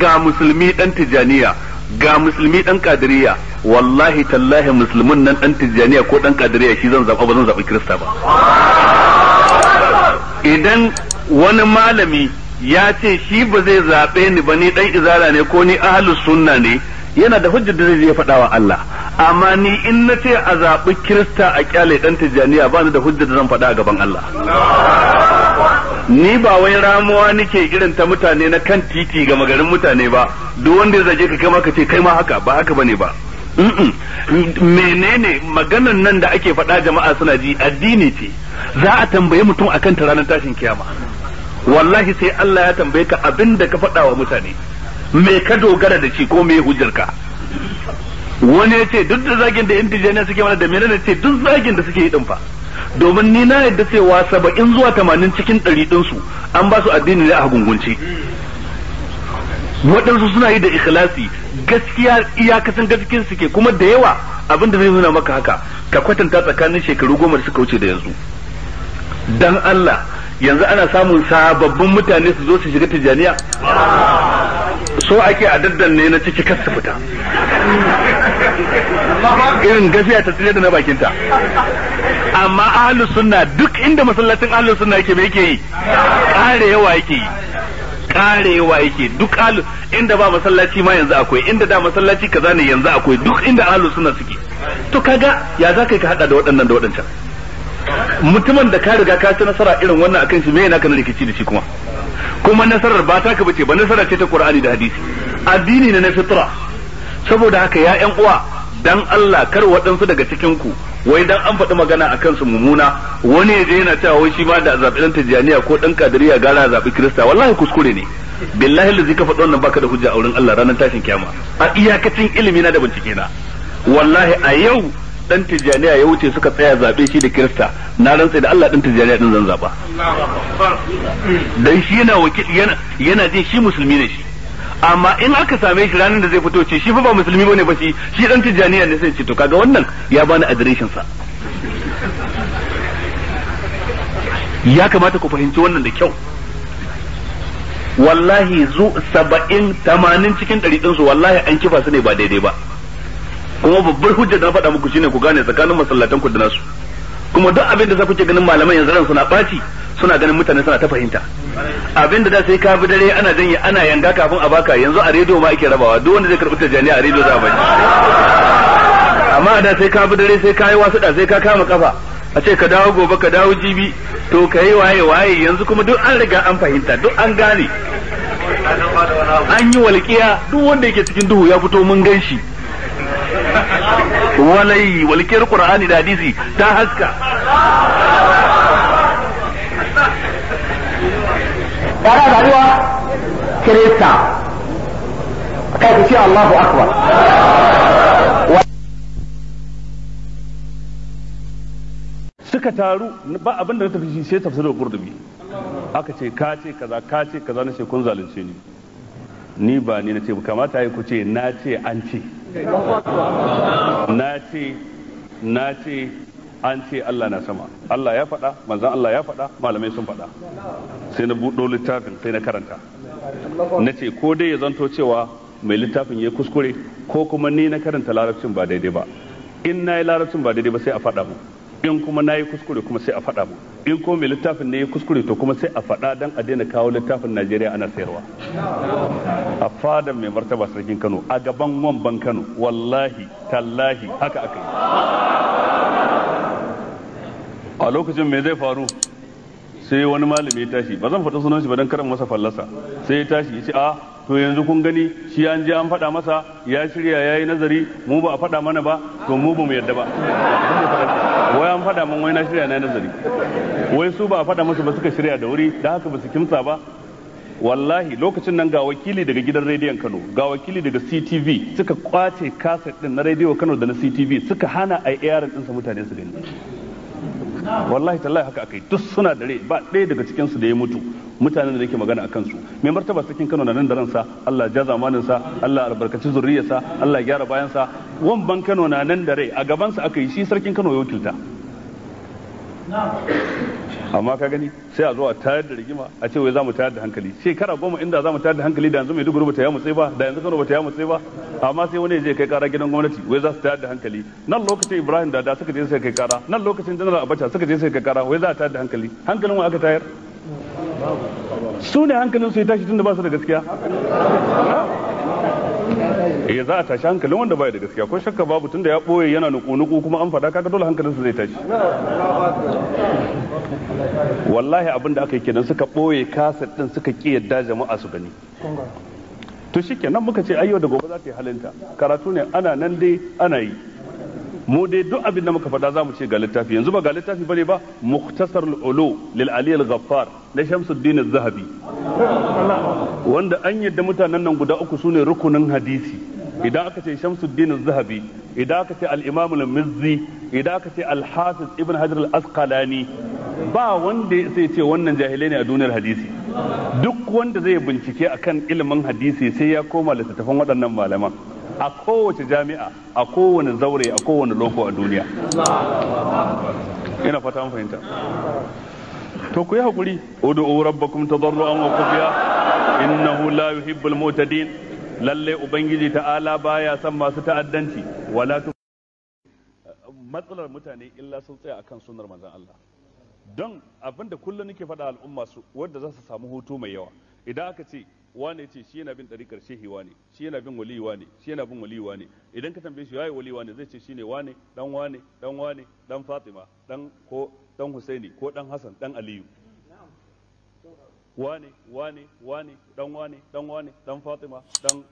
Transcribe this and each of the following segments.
ga musulmi dan tijaniya ga musulmi dan kadiriya wallahi tallahi musulmin nan dan tijaniya ko dan kadiriya shi zan zaba ba zan zaba kirista ba idan wani malami ya ce shi ba zai zabe ni ba ni dan izala ne ko ni ahlus sunna ne yana da hujjar da zai je faɗa wa Allah amma ni in na ce a zaɓi kirista a kyale dan tijaniya ba ni da hujjar da zan faɗa a gaban Allah ni ba wai ramuwa nake irin ta mutane na kan titi ga magarin mutane ba duk wanda ya ka kai ma ka ce kai ma haka ba haka bane ba menene maganar nan da ake faɗa jama'a suna ji addini ce za a tambaye mutum akan ta ranar tashin kiyama wallahi sai Allah ya tambaye ka abin da ka faɗa wa mutane me ka dogara da shi ko me hujjarka wani ya ce duk da zagin da yan suke mana da menene ce duk zagin da suke yi din fa domin ni na yadda cewa saba'in zuwa tamanin cikin ɗari ɗinsu an ba su addini ne a hagungunci waɗansu suna yi da ikhlasi gaskiya iyakacin gaskiyar su kuma da yawa abin da zai nuna maka haka ka kwatanta tsakanin shekaru goma da suka wuce da yanzu dan Allah yanzu ana samun sababbin mutane su zo su shiga tijaniya so ake a daddanne na ciki kar su fita irin gafiya ta tsire da na bakinta amma ahlus sunna duk inda masallacin ahlus sunna yake me yake yi Karewa yake yi karewa yake duk ahlus inda ba masallaci ma yanzu akwai inda da masallaci kaza ne yanzu akwai duk inda ahlus sunna suke to kaga ya za ka hada da waɗannan da waɗancan mutumin da ka riga ka ci nasara irin wannan akan shi me yana kana rikici da shi kuma kuma nasarar ba ta ka bace ba nasara ce ta Qur'ani da hadisi addini ne na fitra saboda haka ya ƴan uwa dan Allah kar waɗansu daga cikin ku wai dan an faɗi magana akan su mummuna wani ya je yana cewa wai shi ma da zaɓi dan tijaniya ko dan kadiriya gara zabi kirista wallahi kuskure ne billahi lazi ka faɗi wannan baka da hujja a wurin Allah ranar tashin kiyama a iyakacin ilimi na da bincike na wallahi a yau dan tijaniya ya wuce suka tsaya zabe shi da kirista na rantsa da Allah dan tijaniya din zan zaba dan shi yana wakil yana yana jin shi musulmi ne shi amma in aka same shi ranar da zai fito ce shi fa ba musulmi bane ba shi shi dan tijaniya ne sai ce to kaga wannan ya bani adireshin sa ya kamata ku fahimci wannan da kyau wallahi zu saba'in tamanin cikin ɗari su wallahi an kifa su ne ba daidai ba kuma babbar hujja da na faɗa muku shine ku gane tsakanin masallatan ku da nasu kuma duk abin da za ku ke ganin malaman yanzu ran suna ɓaci suna ganin mutane suna ta fahimta Abin da sai ka bi dare ana janye ana yanga kafin a baka yanzu a rediyo ma ake rabawa duk wanda zai karɓi tijjani a rediyo za a bashi amma da sai ka bi dare sai ka yi wasu da sai ka kama kafa a ce ka dawo gobe ka dawo jibi to ka yi waye waye yanzu kuma duk an riga an fahimta duk an gane an yi walƙiya duk wanda yake cikin duhu ya fito mun gan shi walai walƙiyar qur'ani da hadisi ta haska tare da zaɓiwa kirista kai ku ce Allahu akbar suka taru ba abin da na tafi shi sai da qurtubi aka ce ka ce kaza ka ce kaza na ce kun zalunce ni ni ba ni na ce kamata yi ku ce na ce an ce na ce na ce an ce Allah na sama Allah ya faɗa manzan Allah ya faɗa malamai sun faɗa sai na buɗo littafin sai na karanta na ce ko dai ya zanto cewa mai littafin ya kuskure ko kuma ni na karanta larabcin ba daidai ba in na yi larabcin ba daidai ba sai a faɗa mu in kuma na yi kuskure kuma sai a faɗa mu in kuma mai littafin ne ya kuskure to kuma sai a faɗa don a daina kawo littafin najeriya ana sayarwa a fadar mai martaba sarkin kano a gaban wamban kano wallahi tallahi haka aka yi a lokacin me zai faru sai wani malami ya tashi ba zan faɗi sunan shi ba dan karan masa fallasa sai ya tashi ya ce a ah, to yanzu kun gani shi an je an faɗa masa ya shirya ya yi nazari mu ba a faɗa mana ba to mu ba mu yadda ba wai an faɗa min wai na shirya na nazari wai su ba a faɗa masa ba suka shirya da wuri da haka ba su kimsa ba wallahi lokacin nan ga wakili daga gidan rediyon kano ga wakili daga ctv suka kwace kaset din na rediyo kano da na ctv suka hana a yaran sa mutane su gani wallahi tallahi haka akai duk suna dare ba ɗaya daga cikin su da ya mutu mutanen da yake magana akan su mai martaba sarkin Kano na nan da ransa Allah ja zamanin sa Allah albarkaci zuriyarsa Allah gyara bayan sa wamban Kano na nan da rai a gaban sa aka yi shi sarkin Kano ya wakilta amma ka gani sai a zo a tayar da rigima a ce wai za mu tayar da hankali shekara goma inda za mu tayar da hankali da yanzu mai duguru ba ya mutse ba da yanzu kano ba ya mutse ba amma sai wani ya je kai kara gidan gwamnati wai za su tayar da hankali nan lokacin ibrahim da da suka je sai kai kara nan lokacin janar abacha suka je sai kai kara wai za a tayar da hankali hankalin wa aka tayar su ne hankalin su ya tashi tunda ba su da gaskiya eh za a tashi hankalin wanda baya da gaskiya ko shakka babu tunda ya boye yana nuku-nuku kuma an fada kaga dole hankalinsa zai tashi wallahi abin da aka yi kenan suka boye kaset din suka ki yadda jama'a su gani to shikenan muka ce ayyau da gobe za ta yi halinta karatu ne ana nan dai ana yi mu dai duk abin da muka faɗa za mu ce ga littafi yanzu ba ga littafi bane ba mukhtasar ulu lil ali al ghaffar na shamsuddin al zahabi wanda an yadda mutanen nan guda uku sune rukunin hadisi idan aka ce shamsuddin al zahabi idan aka ce al-imam al-mizzi idan aka ce al-hafiz ibn hajar al-asqalani ba wanda sai ce wannan jahilai ne a duniyar hadisi duk wanda zai bincike akan ilimin hadisi sai ya koma littattafan waɗannan malaman a kowace jami'a a kowane zaure a kowane loko a duniya ina fata an fahimta to ku yi hakuri ud'u rabbakum tadarruan wa khufiya innahu la yuhibbul mu'tadin lalle ubangiji ta'ala baya san masu ta'addanci wala matsalar mutane illa sun tsaya akan sunnar manzon Allah don abinda kullum nake faɗa al'umma su wanda za su samu hutu mai yawa idan aka ce wane ce shi yana bin ɗarikar shehi wane shi yana bin wali wane shi yana bin wali wane idan ka tambaye shi yayi wali wane zai ce shine wane dan wane dan wane dan Fatima dan ko dan Husaini ko dan Hassan dan Aliyu wane wane wane dan wane dan wane dan Fatima dan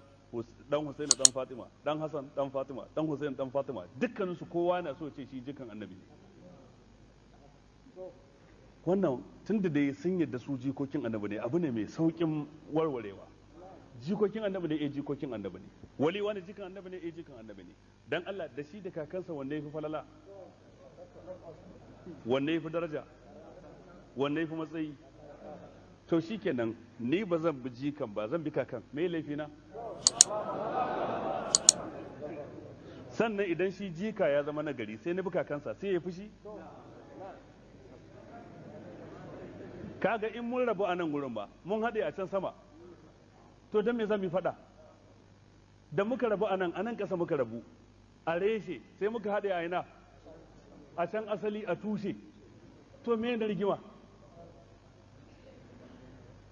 dan Husaini dan Fatima dan Hassan dan Fatima dan Husaini dan Fatima dukkan su kowa na so ce shi jikan annabi ne wannan tun da dai sun yadda su jikokin annabi ne abu ne mai saukin warwarewa jikokin annabi ne eh jikokin annabi ne wali wani jikan annabi ne eh jikan annabi ne dan Allah da shi da kakansa wanne yafi falala wanne yafi daraja wanne yafi matsayi to shikenan ni ba zan bi jikan ba zan bi kakan me laifi na sannan idan shi jika ya zama nagari sai na bi kakansa sai ya fushi kaga in mun rabu a nan gurin ba mun haɗe a can sama to don me za mu faɗa da muka rabu a nan a nan ƙasa muka rabu a reshe sai muka haɗe a ina a can asali a tushe to me da rigima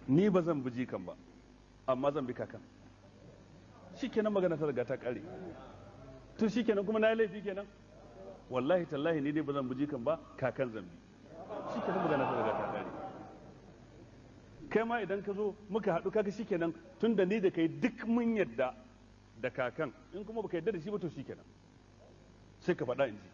ni ba zan buji kan ba amma zan bi kakan shi kenan magana ta daga ta kare to shi kenan kuma na yi laifi kenan wallahi tallahi ni dai ba zan buji kan ba kakan zan bi shi kenan magana ta daga ta kare kai ma idan ka zo muka haɗu kaga shikenan tun da ni da kai duk mun yadda da kakan in kuma baka yadda da shi ba to shikenan sai ka faɗa in ci.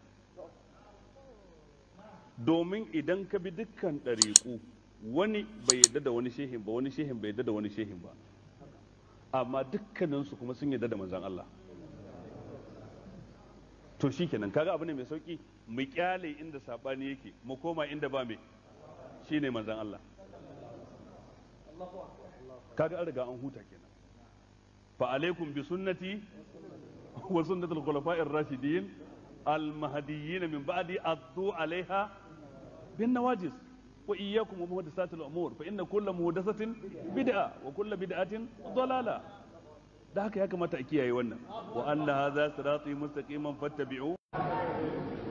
domin idan ka bi dukkan ɗariƙu wani bai yadda da wani shehin ba wani shehin bai yadda da wani shehin ba amma dukkaninsu kuma sun yadda da manzan Allah to shikenan kaga abu ne mai sauki mu kyale inda sabani yake mu koma inda ba mai shine manzan Allah kaga an riga an huta kenan fa alaikum bi sunnati wa sunnati al-khulafa'ir rashidin al-mahdiyyin min ba'di addu alaiha bin nawajis wa iyyakum wa muhdathati al-umur fa inna kulla muhdathatin bid'a wa kulla bid'atin dalala da haka ya kamata a kiyaye wannan wa anna hadha sirati mustaqiman fattabi'u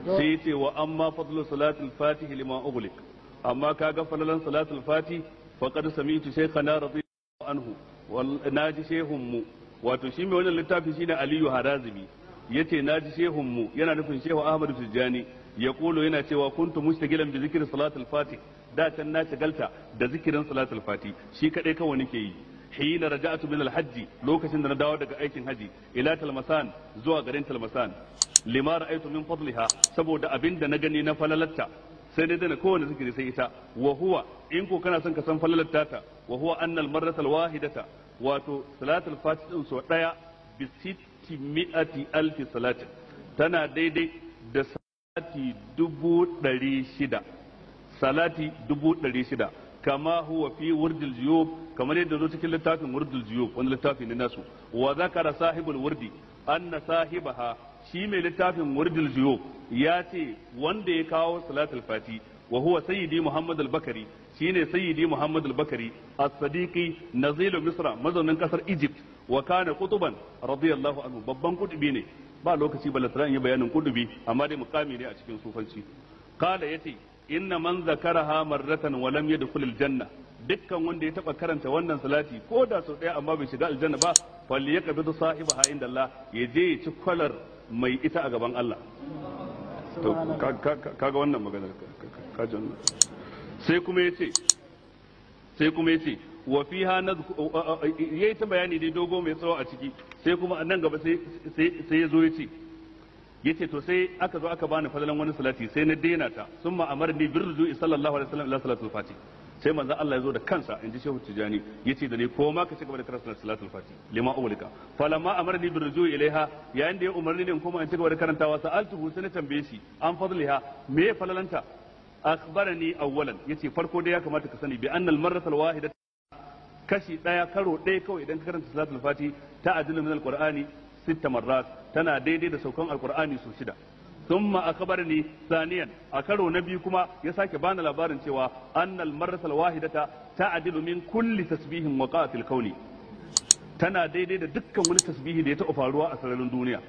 sai ce wa amma fadlu salatul fatih lima ughliq amma kaga falalan salatul fatih faqad sami'tu shaykhana radiyallahu anhu na ji shehun mu wato shi mai wannan littafi shine Aliyu Harazimi yace naji shehun mu yana nufin Shehu Ahmadu Tijjani ya kolo yana cewa kuntu mustaqilan bi zikirin salatul Fati da can na shagalta da zikirin salatul Fati shi kadai kawai nake yi hina raja'atu min al-hajj lokacin da na dawo daga aikin haji ila talmasan zuwa garin talmasan lima ra'aytu min fadliha saboda abinda na gani na falalatta sai dai dana kowane zikiri sai ita wa huwa in ko kana son ka san falalar tata wa huwa annal marratal wahidata wato salatul fatih din so daya bi sitti mi'ati alfi salatin tana daidai da salati dubu dari shida salati dubu dari shida kama huwa fi wurdil juyub kamar yadda zo cikin littafin wurdil juyub wani littafi ne nasu wa zakara sahibul wurdi anna sahibaha shi mai littafin wurdil juyo ya ce wanda ya kawo salatul fati wa huwa sayyidi muhammad al-bakari shine sayyidi muhammad al-bakari as-sadiqi nazil misra mazaunin kasar egypt wa kana qutuban radiyallahu anhu babban kutubi ne ba lokaci balasran yi bayanin kutubi amma dai mukami ne a cikin sufanci kala yace inna man zakaraha marratan wa lam yadkhul al-janna dukkan wanda ya taba karanta wannan salati ko da sau daya amma bai shiga aljanna ba falli ya sahiba sahibaha inda Allah ya je ya ci kwalar mai ita a gaban Allah to kaga wannan magana kajin sai kuma ya ce sai kuma ya ce wa fi ya yi ta bayani dai dogo mai tsawo a ciki sai kuma a nan gaba sai ya zo ya ce ya ce to sai aka zo aka bani fadalan wani salati sai na daina ta ne birru zuwa sallallahu alaihi wasallam ila salatu fatih sai manzo Allah ya zo da kansa in ji Shehu Tijani yace da ni ko ma ka cigaba da karanta salatul fati lima awlika falamma amarni bi rujui ilaiha yayin da ya umarni ne kuma in cigaba da karantawa sa'altuhu sai na tambaye shi an fadliha me falalanta akhbarani awwalan yace farko dai ya kamata ka sani bi annal marratal wahidatu kashi daya karo daya kawai idan ka karanta salatul fati ta adilu min alqur'ani sita marrat tana daidai da saukan alqur'ani su shida thumma akhbarani saniyan a karo na biyu kuma ya sake bani labarin cewa annal marratal ta ta'dilu min kulli tasbihin waqa'atil filkauni. tana daidai da dukkan wani tasbihi da ya taɓa faruwa a sararin duniya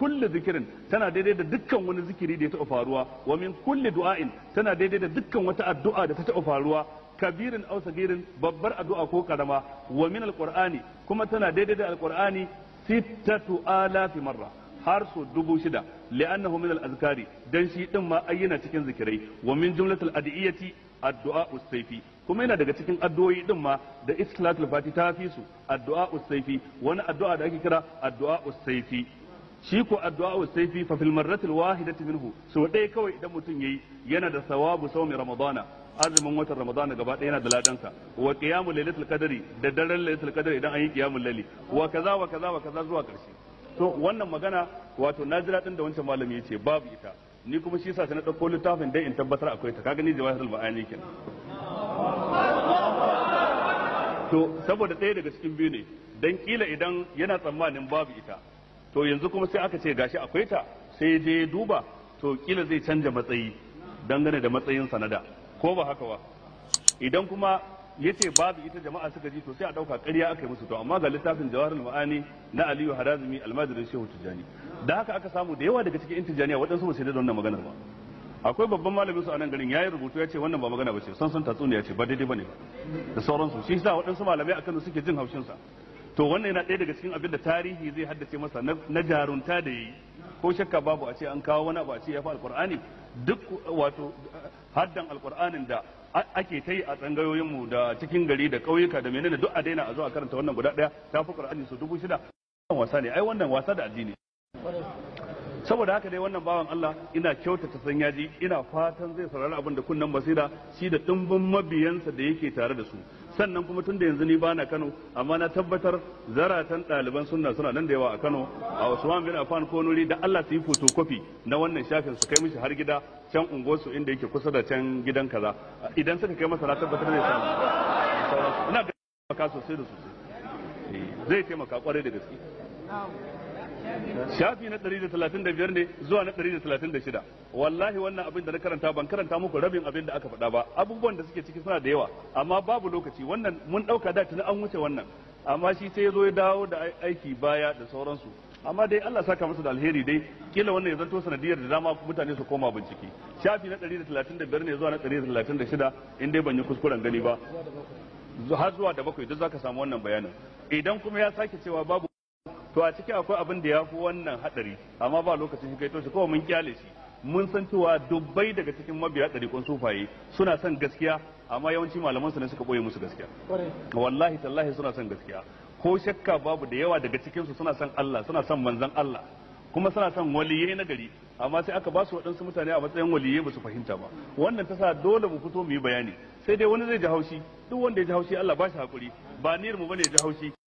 kulle zikirin tana daidai da dukkan wani zikiri da ya taɓa faruwa wa min du'ain tana daidai da dukkan wata addu'a da ta taɓa faruwa kabirin aw sagirin babbar addu'a ko karama wa min alqur'ani kuma tana daidai da alqur'ani sittatu alafi marra har su dubu shida li'annahu min al-azkari dan shi din ma ayyana cikin zikirai wa min jumlatil adiyati addu'a usayfi kuma yana daga cikin addu'o'i din ma da islatul fati ta fi su addu'a usayfi wani addu'a da ake kira addu'a usayfi shi ko addu'a usayfi fa fil marratil wahidati minhu so dai kawai idan mutum yayi yana da sawabu sawmi ramadana azumin watan ramadana gaba ɗaya yana da ladansa wa qiyamul lailatul qadri da daren lailatul qadri idan an yi qiyamul laili wa kaza wa kaza wa kaza zuwa karshe to wannan magana wato na jira din da wancan malami ya ce babu ita ni kuma shi yasa sai na ɗauko littafin dai in tabbatar akwai ta kaga ni jawahirul ma'ani kenan to saboda ɗaya daga cikin biyu ne dan kila idan yana tsammanin babu ita to yanzu kuma sai aka ce gashi akwai ta sai ya je duba to kila zai canja matsayi dangane da matsayin sanada ko ba haka ba idan kuma Ya ce babu ita jama'a suka ji sosai a dauka ƙarya aka yi musu to amma ga littafin jawarul ma'ani na Aliyu Harazimi almajirin Shehu Tijani da haka aka samu da yawa daga cikin intijaniya waɗansu ba su wannan maganar ba akwai babban malamin su a nan garin yayi rubutu ya ce wannan ba magana ba ce san san tatsuniya ce ba daidai ne da sauransu shi yasa waɗansu malamai akan suke jin haushinsa. sa to wannan yana ɗaya daga cikin abin da tarihi zai haddace masa na jarunta da yi ko shakka babu a ce an kawo wani abu a ce ya fi alqur'ani duk wato haddan alqur'anin da ake ta yi a tsangayoyinmu da cikin gari da ƙauyuka da menene duk a daina a zuwa a karanta wannan guda ɗaya ta fi ƙar'ani su dubu shida wannan wasa ne ai wannan wasa da addini saboda haka dai wannan bawan Allah ina kyautata san yaji ina fatan zai saurari abin da kunnan basira shi da dimbin mabiyansa da yake tare da su sannan kuma tun da yanzu ni bana Kano amma na tabbatar zaratan ɗaliban sunna suna nan da yawa a Kano a Usman bin Affan ko nuri da Allah su yi fotokofi na wannan shafin su kai mishi har gida can unguwarsu inda yake kusa da can gidan kaza idan suka kai masa na tabbatar zai samu ina ga sosai da sosai zai taimaka kwarai da gaske shafi na 135 ne zuwa na 136 wallahi wannan abin da na karanta ban karanta muku rabin abin da aka faɗa ba abubuwan da suke ciki suna da yawa amma babu lokaci wannan mun ɗauka da tuni an wuce wannan amma shi sai ya zo ya dawo da aiki baya da sauransu amma dai Allah saka masa da alheri dai kila wannan ya zanto sanadiyar da dama mutane su koma bincike shafi na 135 ne zuwa na 136 in dai ban yi kuskuren gani ba har zuwa da bakwai duk zaka samu wannan bayanin idan kuma ya sake cewa babu to a ciki akwai abin da ya fi wannan hadari amma ba lokacin shi kai to shi kawai mun kyale shi mun san cewa dubbai daga cikin mabiya ɗariƙon sufaye suna son gaskiya amma yawanci malaman su ne suka boye musu gaskiya wallahi tallahi suna son gaskiya ko shakka babu da yawa daga cikin su suna son Allah suna son manzon Allah kuma suna son waliye na gari amma sai aka ba su waɗansu mutane a matsayin waliye ba su fahimta ba wannan ta sa dole mu fito mu yi bayani sai dai wani zai ji haushi duk wanda ya ji haushi Allah ba shi hakuri ba ni mu bane ya ji haushi